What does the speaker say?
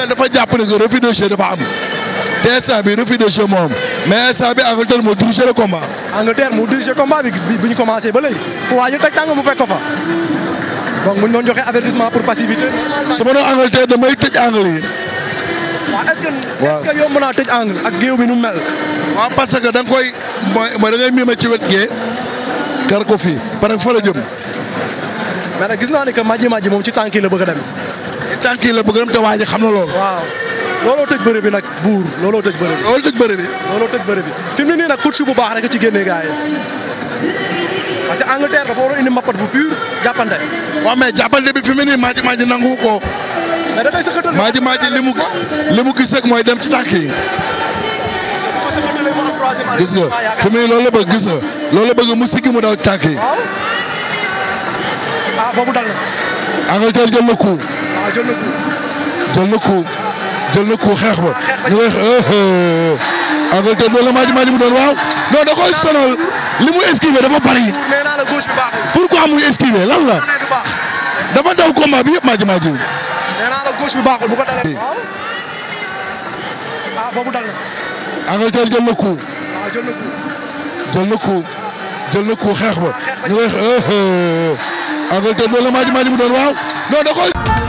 Angle dafa jàpp ne que refus de jeu dafa am te instant bi refus de jeu moo mais instant bi Angleterre moo dirigé le combat. bi bi ñu commencé ba léegi fu waa ñu teg tàng mu fekk fa donc mu ñu joxe avertissement pour passivité. su ma doon Angleterre damay tëj angle yi. waaw est-ce que est-ce que yow mën naa tëj angle ak géew bi nu mel. waaw parce que da nga koy mooy da ngay miime ci wet gee kar ko fii parce que fa la jëm. mais nag gis naa ne que Madji Madji moom ci tànk yi la bëgg tànk yi la bëggam te waa ji xam na loolu. waaw looloo tëj bëre bi nag buur looloo tëj bëre bi. looloo tëj bëre bi. looloo bi fi mu ne nii bu baax rek ci génnee gars yi que Angleterre dafa war a indi mappat bu pur jàppante. waaw mais jàppante bi fi mu ne nii maaji nangu ko. mais da ngay sëkkatal maaji maaji li li mu gis mooy dem ci tànk yi. gis nga fi mu ne loolu la bëgg gis nga loolu la bëgg mu sikki mu daw tànk yi. ah boobu dal na. Angleterre waaw jël na ko. jël na ko jël na ko xeex ba. ñu koy Angleterre loolu la maa ji maa ji mu doon waaw. non da koy sonal li mu esquiver dafa bari. pourquoi muy esquiver lan la. dafa daw combat bi yëpp maa ji maa ji. Angleterre jël na ko. jël na ko jël na ko xeex ba. ñu koy Angleterre loolu la maa ji maa ji mu doon waaw. non da koy.